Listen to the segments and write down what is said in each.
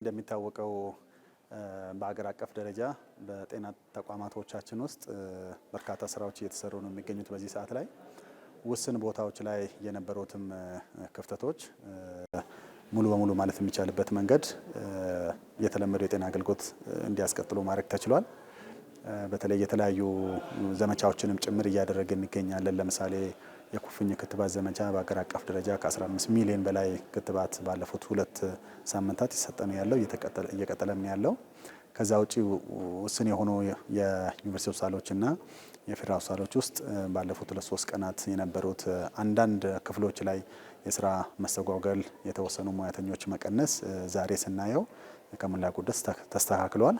እንደሚታወቀው በአገር አቀፍ ደረጃ በጤና ተቋማቶቻችን ውስጥ በርካታ ስራዎች እየተሰሩ ነው የሚገኙት። በዚህ ሰዓት ላይ ውስን ቦታዎች ላይ የነበሩትም ክፍተቶች ሙሉ በሙሉ ማለት የሚቻልበት መንገድ የተለመደው የጤና አገልግሎት እንዲያስቀጥሉ ማድረግ ተችሏል። በተለይ የተለያዩ ዘመቻዎችንም ጭምር እያደረገ የሚገኛለን። ለምሳሌ የኩፍኝ ክትባት ዘመቻ በአገር አቀፍ ደረጃ ከ15 ሚሊዮን በላይ ክትባት ባለፉት ሁለት ሳምንታት ይሰጠ ነው ያለው እየቀጠለም ነው ያለው። ከዛ ውጪ ውስን የሆኑ የዩኒቨርሲቲ ሆስፒታሎችና የፌዴራል ሆስፒታሎች ውስጥ ባለፉት ሁለት ሶስት ቀናት የነበሩት አንዳንድ ክፍሎች ላይ የስራ መስተጓጎል፣ የተወሰኑ ሙያተኞች መቀነስ ዛሬ ስናየው ከሞላ ጎደል ተስተካክሏል።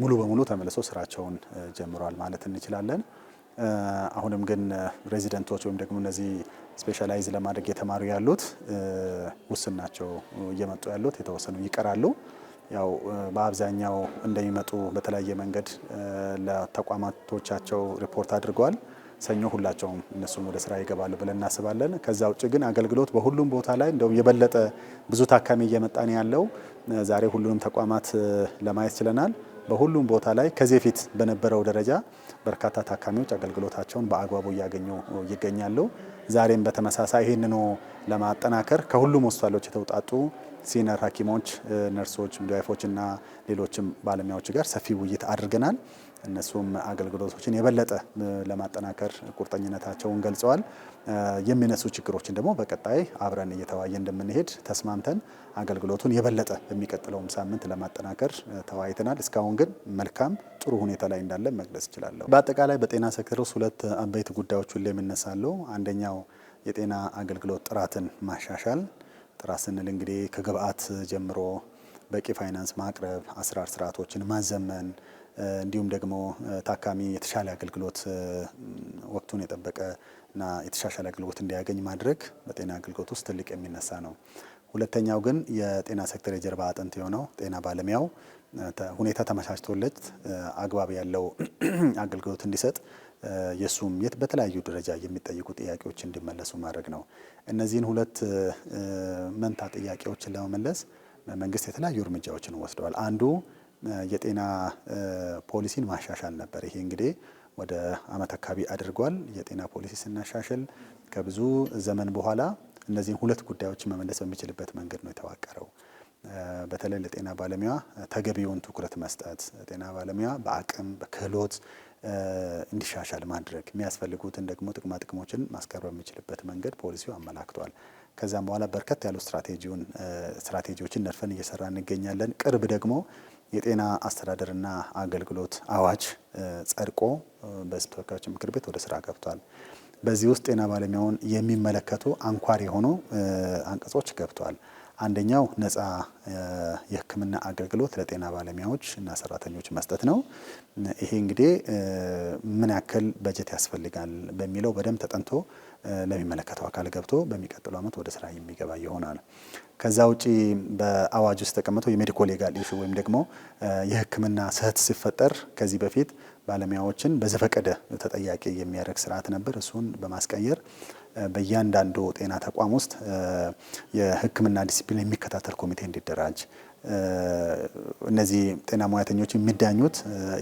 ሙሉ በሙሉ ተመልሶ ስራቸውን ጀምሯል ማለት እንችላለን። አሁንም ግን ሬዚደንቶች ወይም ደግሞ እነዚህ ስፔሻላይዝ ለማድረግ የተማሩ ያሉት ውስን ናቸው እየመጡ ያሉት የተወሰኑ ይቀራሉ። ያው በአብዛኛው እንደሚመጡ በተለያየ መንገድ ለተቋማቶቻቸው ሪፖርት አድርገዋል። ሰኞ ሁላቸውም እነሱም ወደ ስራ ይገባሉ ብለን እናስባለን። ከዛ ውጭ ግን አገልግሎት በሁሉም ቦታ ላይ እንደውም የበለጠ ብዙ ታካሚ እየመጣ ያለው። ዛሬ ሁሉንም ተቋማት ለማየት ችለናል። በሁሉም ቦታ ላይ ከዚህ በፊት በነበረው ደረጃ በርካታ ታካሚዎች አገልግሎታቸውን በአግባቡ እያገኙ ይገኛሉ። ዛሬም በተመሳሳይ ይህንኑ ለማጠናከር ከሁሉም ሆስፒታሎች የተውጣጡ ሲነር ሐኪሞች፣ ነርሶች፣ ሚድዋይፎች እና ሌሎችም ባለሙያዎች ጋር ሰፊ ውይይት አድርገናል። እነሱም አገልግሎቶችን የበለጠ ለማጠናከር ቁርጠኝነታቸውን ገልጸዋል። የሚነሱ ችግሮችን ደግሞ በቀጣይ አብረን እየተወያየ እንደምንሄድ ተስማምተን አገልግሎቱን የበለጠ በሚቀጥለውም ሳምንት ለማጠናከር ተወያይተናል። እስካሁን ግን መልካም ጥሩ ሁኔታ ላይ እንዳለ መግለጽ እችላለሁ። በአጠቃላይ በጤና ሴክተር ውስጥ ሁለት አበይት ጉዳዮች ሁሌም አንደኛው የጤና አገልግሎት ጥራትን ማሻሻል። ጥራት ስንል እንግዲህ ከግብአት ጀምሮ በቂ ፋይናንስ ማቅረብ፣ አሰራር ስርዓቶችን ማዘመን እንዲሁም ደግሞ ታካሚ የተሻለ አገልግሎት ወቅቱን የጠበቀ እና የተሻሻለ አገልግሎት እንዲያገኝ ማድረግ በጤና አገልግሎት ውስጥ ትልቅ የሚነሳ ነው። ሁለተኛው ግን የጤና ሴክተር የጀርባ አጥንት የሆነው ጤና ባለሙያው ሁኔታ ተመቻችቶለት አግባብ ያለው አገልግሎት እንዲሰጥ የእሱም የት በተለያዩ ደረጃ የሚጠይቁ ጥያቄዎች እንዲመለሱ ማድረግ ነው። እነዚህን ሁለት መንታ ጥያቄዎችን ለመመለስ መንግስት የተለያዩ እርምጃዎችን ወስደዋል። አንዱ የጤና ፖሊሲን ማሻሻል ነበር። ይሄ እንግዲህ ወደ አመት አካባቢ አድርጓል። የጤና ፖሊሲ ስናሻሽል ከብዙ ዘመን በኋላ እነዚህን ሁለት ጉዳዮችን መመለስ በሚችልበት መንገድ ነው የተዋቀረው። በተለይ ለጤና ባለሙያ ተገቢውን ትኩረት መስጠት፣ ጤና ባለሙያ በአቅም በክህሎት እንዲሻሻል ማድረግ፣ የሚያስፈልጉትን ደግሞ ጥቅማ ጥቅሞችን ማስቀር በሚችልበት መንገድ ፖሊሲው አመላክቷል። ከዛም በኋላ በርከት ያሉ ስትራቴጂውን ስትራቴጂዎችን ነድፈን እየሰራ እንገኛለን። ቅርብ ደግሞ የጤና አስተዳደርና አገልግሎት አዋጅ ጸድቆ በተወካዮች ምክር ቤት ወደ ስራ ገብቷል። በዚህ ውስጥ ጤና ባለሙያውን የሚመለከቱ አንኳር የሆኑ አንቀጾች ገብተዋል። አንደኛው ነፃ የሕክምና አገልግሎት ለጤና ባለሙያዎች እና ሰራተኞች መስጠት ነው። ይሄ እንግዲህ ምን ያክል በጀት ያስፈልጋል በሚለው በደንብ ተጠንቶ ለሚመለከተው አካል ገብቶ በሚቀጥለው አመት ወደ ስራ የሚገባ ይሆናል። ከዛ ውጪ በአዋጅ ውስጥ ተቀምጠው የሜዲኮ ሌጋል ኢሹ ወይም ደግሞ የሕክምና ስህተት ሲፈጠር ከዚህ በፊት ባለሙያዎችን በዘፈቀደ ተጠያቂ የሚያደርግ ስርዓት ነበር። እሱን በማስቀየር በእያንዳንዱ ጤና ተቋም ውስጥ የሕክምና ዲሲፕሊን የሚከታተል ኮሚቴ እንዲደራጅ እነዚህ ጤና ሙያተኞች የሚዳኙት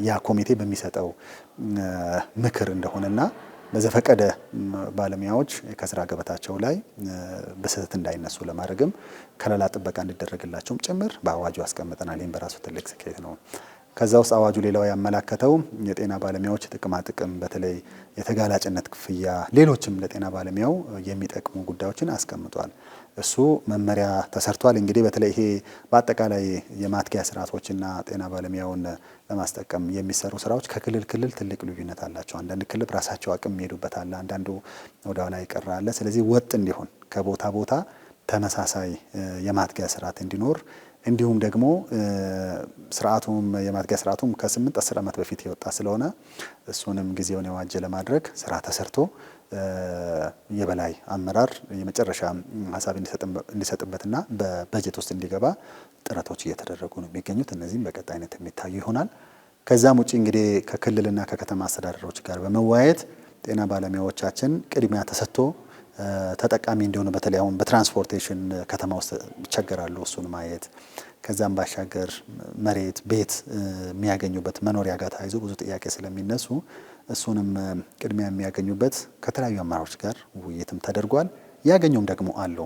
ያ ኮሚቴ በሚሰጠው ምክር እንደሆነና በዘፈቀደ ባለሙያዎች ከስራ ገበታቸው ላይ በስህተት እንዳይነሱ ለማድረግም ከለላ ጥበቃ እንዲደረግላቸውም ጭምር በአዋጁ አስቀምጠናል። ይህም በራሱ ትልቅ ስኬት ነው። ከዛ ውስጥ አዋጁ ሌላው ያመላከተው የጤና ባለሙያዎች ጥቅማ ጥቅም በተለይ የተጋላጭነት ክፍያ፣ ሌሎችም ለጤና ባለሙያው የሚጠቅሙ ጉዳዮችን አስቀምጧል። እሱ መመሪያ ተሰርቷል። እንግዲህ በተለይ ይሄ በአጠቃላይ የማትኪያ ስርዓቶችና ጤና ባለሙያውን ለማስጠቀም የሚሰሩ ስራዎች ከክልል ክልል ትልቅ ልዩነት አላቸው። አንዳንድ ክልል ራሳቸው አቅም የሚሄዱበት አለ፣ አንዳንዱ ወደ ይቀር አለ። ስለዚህ ወጥ እንዲሆን ከቦታ ቦታ ተመሳሳይ የማትኪያ ስርዓት እንዲኖር እንዲሁም ደግሞ ስርዓቱም የማጥቂያ ስርዓቱም ከስምንት አስር ዓመት በፊት የወጣ ስለሆነ እሱንም ጊዜውን የዋጀ ለማድረግ ስራ ተሰርቶ የበላይ አመራር የመጨረሻ ሀሳብ እንዲሰጥበትና በበጀት ውስጥ እንዲገባ ጥረቶች እየተደረጉ ነው የሚገኙት። እነዚህም በቀጣይነት የሚታዩ ይሆናል። ከዛም ውጭ እንግዲህ ከክልልና ከከተማ አስተዳደሮች ጋር በመወያየት ጤና ባለሙያዎቻችን ቅድሚያ ተሰጥቶ ተጠቃሚ እንዲሆኑ በተለይ አሁን በትራንስፖርቴሽን ከተማ ውስጥ ይቸገራሉ። እሱን ማየት ከዛም ባሻገር መሬት፣ ቤት የሚያገኙበት መኖሪያ ጋር ተያይዞ ብዙ ጥያቄ ስለሚነሱ እሱንም ቅድሚያ የሚያገኙበት ከተለያዩ አማራሮች ጋር ውይይትም ተደርጓል። ያገኙም ደግሞ አሉ።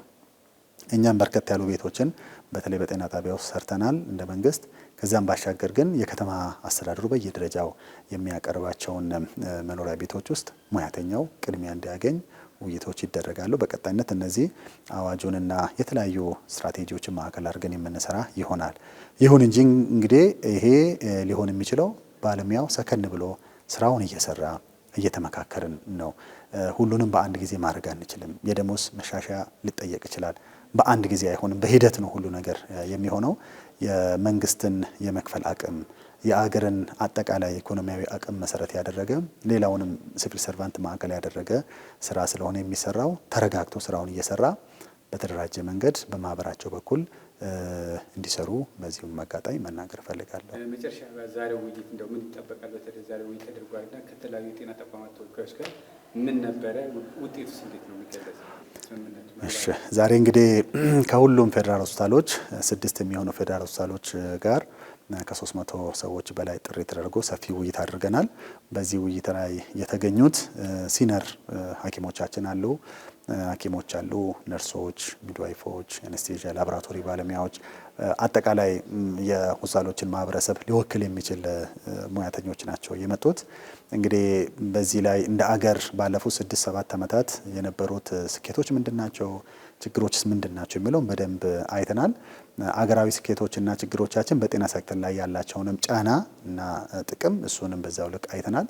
እኛም በርከት ያሉ ቤቶችን በተለይ በጤና ጣቢያ ውስጥ ሰርተናል እንደ መንግስት። ከዚያም ባሻገር ግን የከተማ አስተዳደሩ በየደረጃው የሚያቀርባቸውን መኖሪያ ቤቶች ውስጥ ሙያተኛው ቅድሚያ እንዲያገኝ ውይይቶች ይደረጋሉ። በቀጣይነት እነዚህ አዋጁንና የተለያዩ ስትራቴጂዎችን ማዕከል አድርገን የምንሰራ ይሆናል። ይሁን እንጂ እንግዲህ ይሄ ሊሆን የሚችለው ባለሙያው ሰከን ብሎ ስራውን እየሰራ እየተመካከርን ነው። ሁሉንም በአንድ ጊዜ ማድረግ አንችልም። የደሞዝ መሻሻያ ሊጠየቅ ይችላል። በአንድ ጊዜ አይሆንም። በሂደት ነው ሁሉ ነገር የሚሆነው። የመንግስትን የመክፈል አቅም የአገርን አጠቃላይ ኢኮኖሚያዊ አቅም መሰረት ያደረገ ሌላውንም ሲቪል ሰርቫንት ማዕከል ያደረገ ስራ ስለሆነ የሚሰራው ተረጋግቶ ስራውን እየሰራ በተደራጀ መንገድ በማህበራቸው በኩል እንዲሰሩ በዚሁም አጋጣሚ መናገር እፈልጋለሁ። መጨረሻ ዛሬው ውይይት እንደው ምን ይጠበቃል? በተለይ ዛሬ ውይይት ተደርጓል ተደርጓልና ከተለያዩ የጤና ተቋማት ተወካዮች ጋር ምን ነበረ? ውጤቱ እንዴት ነው የሚገለጽ? እሺ ዛሬ እንግዲህ ከሁሉም ፌዴራል ሆስፒታሎች ስድስት የሚሆኑ ፌዴራል ሆስፒታሎች ጋር ከሶስት መቶ ሰዎች በላይ ጥሪ ተደርጎ ሰፊ ውይይት አድርገናል። በዚህ ውይይት ላይ የተገኙት ሲነር ሐኪሞቻችን አሉ ሐኪሞች አሉ፣ ነርሶች፣ ሚድዋይፎች፣ አነስቴዥያ ላቦራቶሪ ባለሙያዎች፣ አጠቃላይ የሆስፒታሎችን ማህበረሰብ ሊወክል የሚችል ሙያተኞች ናቸው የመጡት። እንግዲህ በዚህ ላይ እንደ አገር ባለፉት ስድስት ሰባት ዓመታት የነበሩት ስኬቶች ምንድን ናቸው? ችግሮችስ ምንድን ናቸው የሚለውን በደንብ አይተናል። አገራዊ ስኬቶችና ችግሮቻችን በጤና ሴክተር ላይ ያላቸውንም ጫና እና ጥቅም እሱንም በዛው ልክ አይተናል።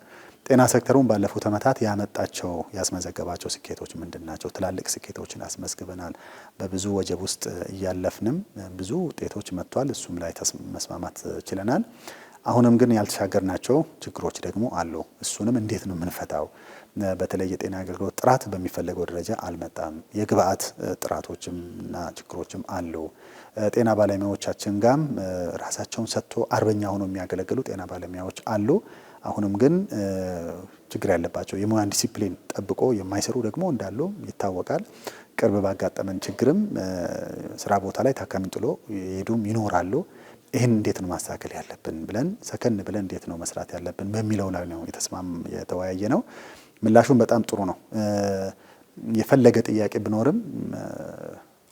ጤና ሴክተሩን ባለፉት ዓመታት ያመጣቸው ያስመዘገባቸው ስኬቶች ምንድን ናቸው? ትላልቅ ስኬቶችን አስመዝግበናል። በብዙ ወጀብ ውስጥ እያለፍንም ብዙ ውጤቶች መጥቷል። እሱም ላይ መስማማት ችለናል። አሁንም ግን ያልተሻገርናቸው ችግሮች ደግሞ አሉ። እሱንም እንዴት ነው የምንፈታው? በተለይ የጤና አገልግሎት ጥራት በሚፈለገው ደረጃ አልመጣም። የግብአት ጥራቶችም እና ችግሮችም አሉ። ጤና ባለሙያዎቻችን ጋም ራሳቸውን ሰጥቶ አርበኛ ሆኖ የሚያገለግሉ ጤና ባለሙያዎች አሉ። አሁንም ግን ችግር ያለባቸው የሙያን ዲሲፕሊን ጠብቆ የማይሰሩ ደግሞ እንዳሉ ይታወቃል። ቅርብ ባጋጠመን ችግርም ስራ ቦታ ላይ ታካሚ ጥሎ የሄዱም ይኖራሉ። ይህን እንዴት ነው ማስተካከል ያለብን ብለን ሰከን ብለን እንዴት ነው መስራት ያለብን በሚለው ላይ ነው የተስማም የተወያየ ነው። ምላሹን በጣም ጥሩ ነው። የፈለገ ጥያቄ ቢኖርም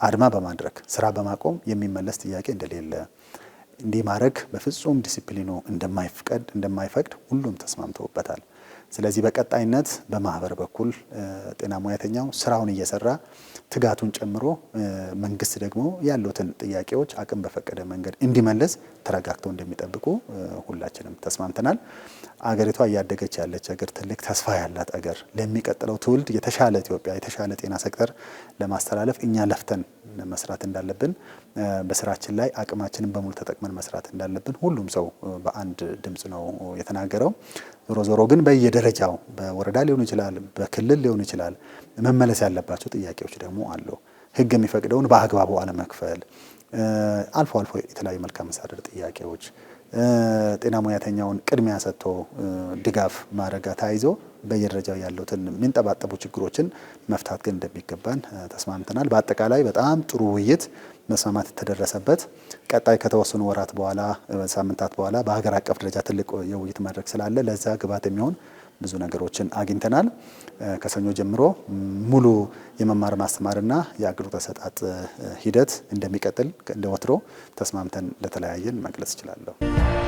አድማ በማድረግ ስራ በማቆም የሚመለስ ጥያቄ እንደሌለ እንዲህ ማድረግ በፍጹም ዲሲፕሊኑ እንደማይፈቀድ እንደማይፈቅድ ሁሉም ተስማምተውበታል። ስለዚህ በቀጣይነት በማህበር በኩል ጤና ሙያተኛው ስራውን እየሰራ ትጋቱን ጨምሮ መንግስት ደግሞ ያሉትን ጥያቄዎች አቅም በፈቀደ መንገድ እንዲመለስ ተረጋግተው እንደሚጠብቁ ሁላችንም ተስማምተናል። አገሪቷ እያደገች ያለች አገር፣ ትልቅ ተስፋ ያላት አገር፣ ለሚቀጥለው ትውልድ የተሻለ ኢትዮጵያ፣ የተሻለ ጤና ሴክተር ለማስተላለፍ እኛ ለፍተን መስራት እንዳለብን፣ በስራችን ላይ አቅማችንን በሙሉ ተጠቅመን መስራት እንዳለብን ሁሉም ሰው በአንድ ድምፅ ነው የተናገረው። ዞሮ ዞሮ ግን በየደረጃው በወረዳ ሊሆን ይችላል፣ በክልል ሊሆን ይችላል፣ መመለስ ያለባቸው ጥያቄዎች ደግሞ አሉ። ህግ የሚፈቅደውን በአግባቡ አለመክፈል፣ አልፎ አልፎ የተለያዩ መልካም መስተዳድር ጥያቄዎች ጤና ሙያተኛውን ቅድሚያ ሰጥቶ ድጋፍ ማድረግ ተያይዞ በየደረጃው ያሉትን የሚንጠባጠቡ ችግሮችን መፍታት ግን እንደሚገባን ተስማምተናል። በአጠቃላይ በጣም ጥሩ ውይይት፣ መስማማት የተደረሰበት ቀጣይ ከተወሰኑ ወራት በኋላ ሳምንታት በኋላ በሀገር አቀፍ ደረጃ ትልቅ የውይይት መድረክ ስላለ ለዛ ግብዓት የሚሆን ብዙ ነገሮችን አግኝተናል። ከሰኞ ጀምሮ ሙሉ የመማር ማስተማርና የአገልግሎት አሰጣጥ ሂደት እንደሚቀጥል እንደ ወትሮ ተስማምተን ለተለያየን መግለጽ እችላለሁ።